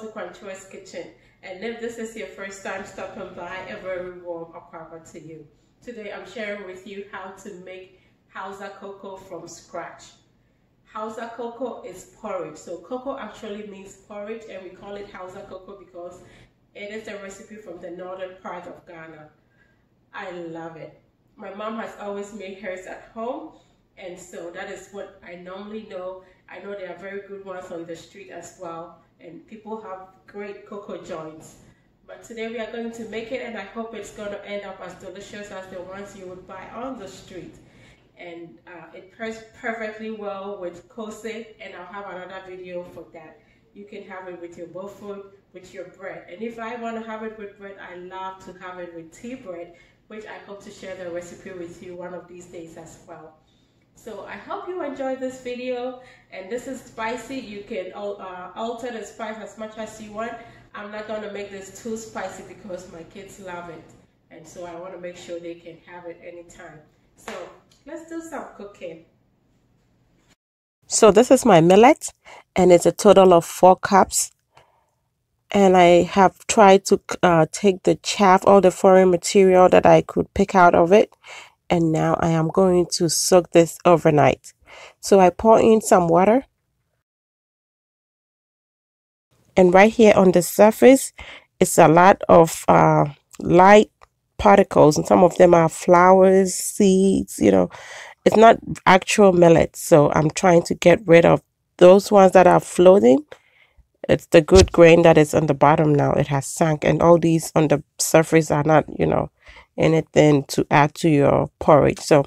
to Quantua's Kitchen. And if this is your first time stopping by, a very warm welcome to you. Today I'm sharing with you how to make Hausa cocoa from scratch. Hausa cocoa is porridge. So cocoa actually means porridge and we call it Hausa cocoa because it is a recipe from the northern part of Ghana. I love it. My mom has always made hers at home and so that is what I normally know. I know there are very good ones on the street as well and people have great cocoa joints. But today we are going to make it and I hope it's going to end up as delicious as the ones you would buy on the street. And uh, it pairs perfectly well with kose and I'll have another video for that. You can have it with your bowl food, with your bread. And if I want to have it with bread, I love to have it with tea bread, which I hope to share the recipe with you one of these days as well. So I hope you enjoyed this video and this is spicy. You can uh, alter the spice as much as you want. I'm not going to make this too spicy because my kids love it. And so I want to make sure they can have it anytime. So let's do some cooking. So this is my millet and it's a total of four cups. And I have tried to uh, take the chaff, or the foreign material that I could pick out of it and now I am going to soak this overnight. So I pour in some water and right here on the surface it's a lot of uh, light particles and some of them are flowers, seeds, you know. It's not actual millet so I'm trying to get rid of those ones that are floating it's the good grain that is on the bottom now it has sunk and all these on the surface are not you know anything to add to your porridge so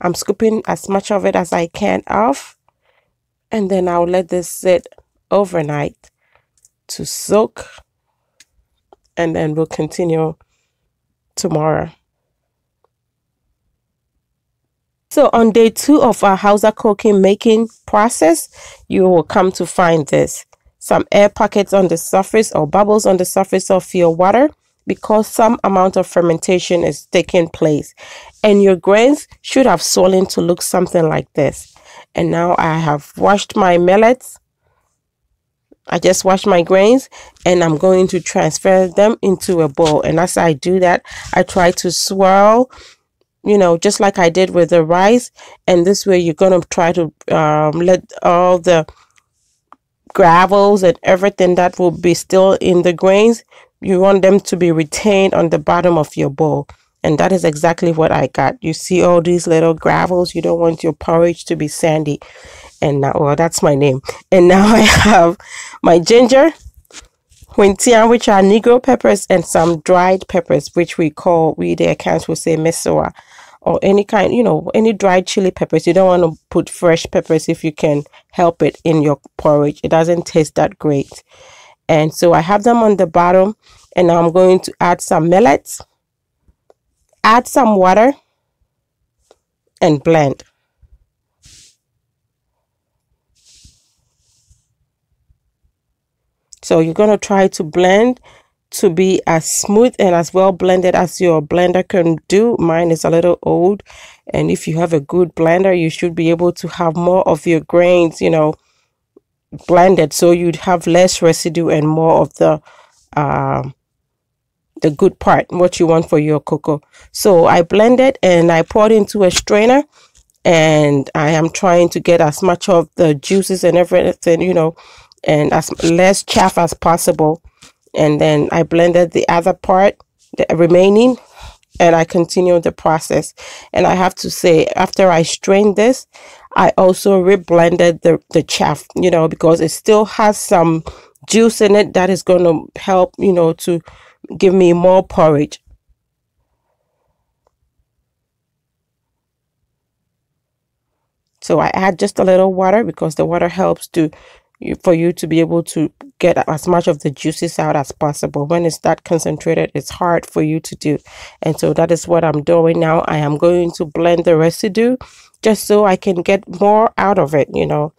i'm scooping as much of it as i can off and then i'll let this sit overnight to soak and then we'll continue tomorrow so on day two of our Hausa cooking making process, you will come to find this some air pockets on the surface or bubbles on the surface of your water because some amount of fermentation is taking place. And your grains should have swollen to look something like this. And now I have washed my millets. I just washed my grains and I'm going to transfer them into a bowl. And as I do that, I try to swirl, you know, just like I did with the rice. And this way you're going to try to um, let all the gravels and everything that will be still in the grains, you want them to be retained on the bottom of your bowl. And that is exactly what I got. You see all these little gravels. You don't want your porridge to be sandy. And now, well, that's my name. And now I have my ginger, quintian, which are negro peppers, and some dried peppers, which we call, we the accounts will say mesua or any kind, you know, any dried chili peppers. You don't want to put fresh peppers if you can help it in your porridge. It doesn't taste that great. And so I have them on the bottom and I'm going to add some millet, add some water and blend. So you're going to try to blend to be as smooth and as well blended as your blender can do. Mine is a little old and if you have a good blender, you should be able to have more of your grains, you know, blended so you'd have less residue and more of the uh, the good part, what you want for your cocoa. So I blended and I poured into a strainer and I am trying to get as much of the juices and everything, you know, and as less chaff as possible and then I blended the other part, the remaining, and I continued the process. And I have to say, after I strained this, I also re-blended the, the chaff, you know, because it still has some juice in it that is going to help, you know, to give me more porridge. So I add just a little water because the water helps to for you to be able to get as much of the juices out as possible. When it's that concentrated, it's hard for you to do. And so that is what I'm doing now. I am going to blend the residue just so I can get more out of it, you know,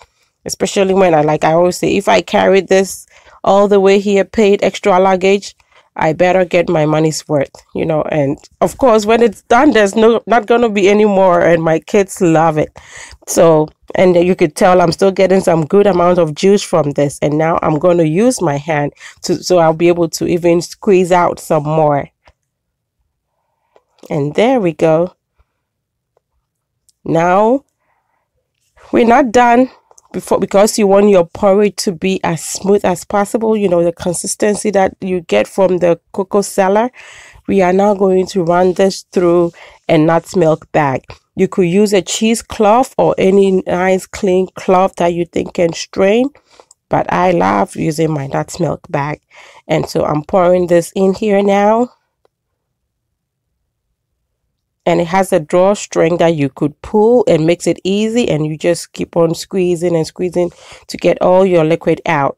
especially when I like I always say if I carry this all the way here, paid extra luggage, I better get my money's worth, you know. And of course, when it's done, there's no not gonna be any more, and my kids love it. So, and you could tell I'm still getting some good amount of juice from this, and now I'm gonna use my hand to so I'll be able to even squeeze out some more. And there we go. Now we're not done before because you want your porridge to be as smooth as possible you know the consistency that you get from the cocoa seller we are now going to run this through a nut milk bag you could use a cheesecloth or any nice clean cloth that you think can strain but i love using my nut milk bag and so i'm pouring this in here now and it has a drawstring that you could pull and makes it easy and you just keep on squeezing and squeezing to get all your liquid out.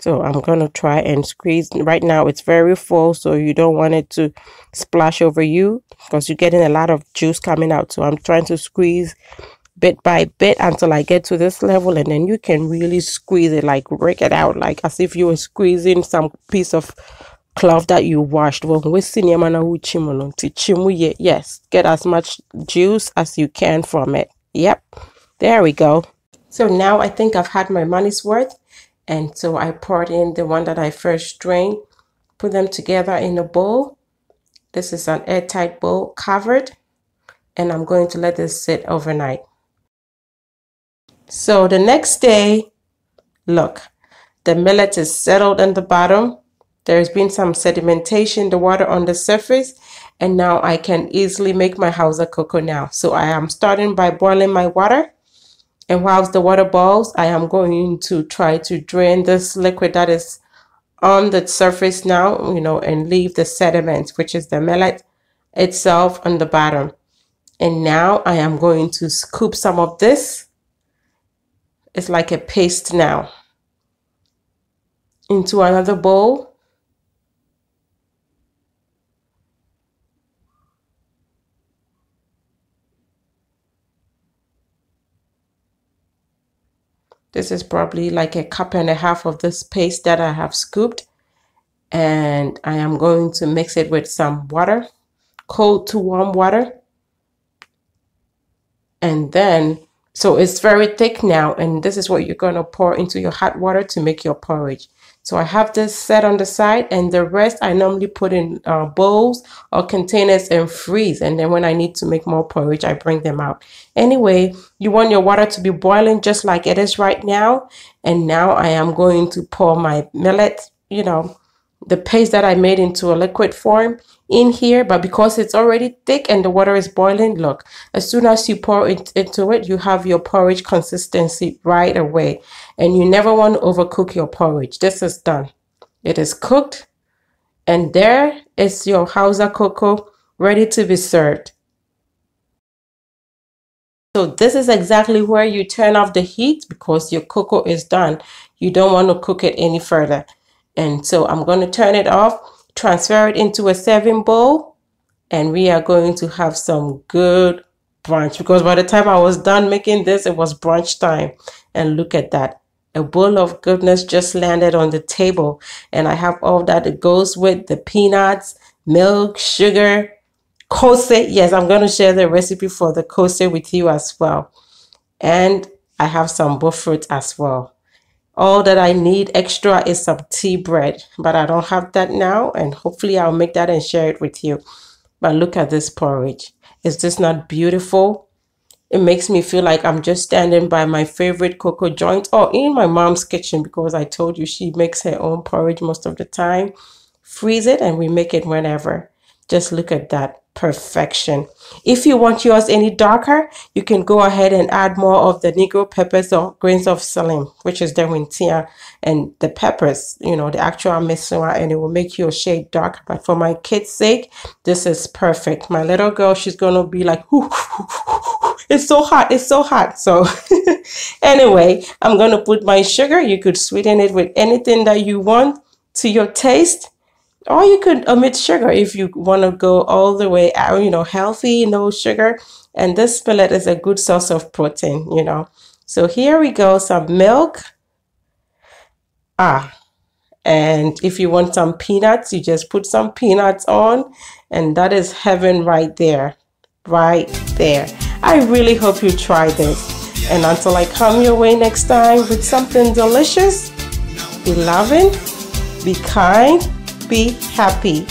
So I'm going to try and squeeze. Right now it's very full so you don't want it to splash over you because you're getting a lot of juice coming out. So I'm trying to squeeze bit by bit until I get to this level and then you can really squeeze it like break it out like as if you were squeezing some piece of cloth that you washed well yes get as much juice as you can from it yep there we go so now I think I've had my money's worth and so I poured in the one that I first drained put them together in a bowl this is an airtight bowl covered and I'm going to let this sit overnight so the next day, look, the millet is settled in the bottom. There's been some sedimentation, the water on the surface, and now I can easily make my Hausa cocoa now. So I am starting by boiling my water. And whilst the water boils, I am going to try to drain this liquid that is on the surface now, you know, and leave the sediment, which is the millet itself on the bottom. And now I am going to scoop some of this it's like a paste now. Into another bowl. This is probably like a cup and a half of this paste that I have scooped. And I am going to mix it with some water, cold to warm water. And then so it's very thick now and this is what you're going to pour into your hot water to make your porridge. So I have this set on the side and the rest I normally put in uh, bowls or containers and freeze. And then when I need to make more porridge, I bring them out. Anyway, you want your water to be boiling just like it is right now. And now I am going to pour my millet, you know, the paste that I made into a liquid form in here but because it's already thick and the water is boiling look as soon as you pour it into it you have your porridge consistency right away and you never want to overcook your porridge this is done it is cooked and there is your Hausa cocoa ready to be served so this is exactly where you turn off the heat because your cocoa is done you don't want to cook it any further and so I'm going to turn it off transfer it into a serving bowl and we are going to have some good brunch because by the time I was done making this it was brunch time and look at that a bowl of goodness just landed on the table and I have all that it goes with the peanuts milk sugar kose yes I'm going to share the recipe for the kose with you as well and I have some buff fruit as well all that I need extra is some tea bread, but I don't have that now, and hopefully I'll make that and share it with you. But look at this porridge. Is this not beautiful? It makes me feel like I'm just standing by my favorite cocoa joint or in my mom's kitchen because I told you she makes her own porridge most of the time. Freeze it and we make it whenever. Just look at that perfection. If you want yours any darker, you can go ahead and add more of the negro peppers or grains of salim, which is the wintia and the peppers, you know, the actual mesua, and it will make your shade dark. But for my kid's sake, this is perfect. My little girl, she's going to be like, hoo, hoo, hoo, it's so hot, it's so hot. So anyway, I'm going to put my sugar. You could sweeten it with anything that you want to your taste or you could omit sugar if you want to go all the way out, you know, healthy, no sugar. And this millet is a good source of protein, you know. So here we go, some milk. Ah, and if you want some peanuts, you just put some peanuts on and that is heaven right there, right there. I really hope you try this. And until I come your way next time with something delicious, be loving, be kind, be happy.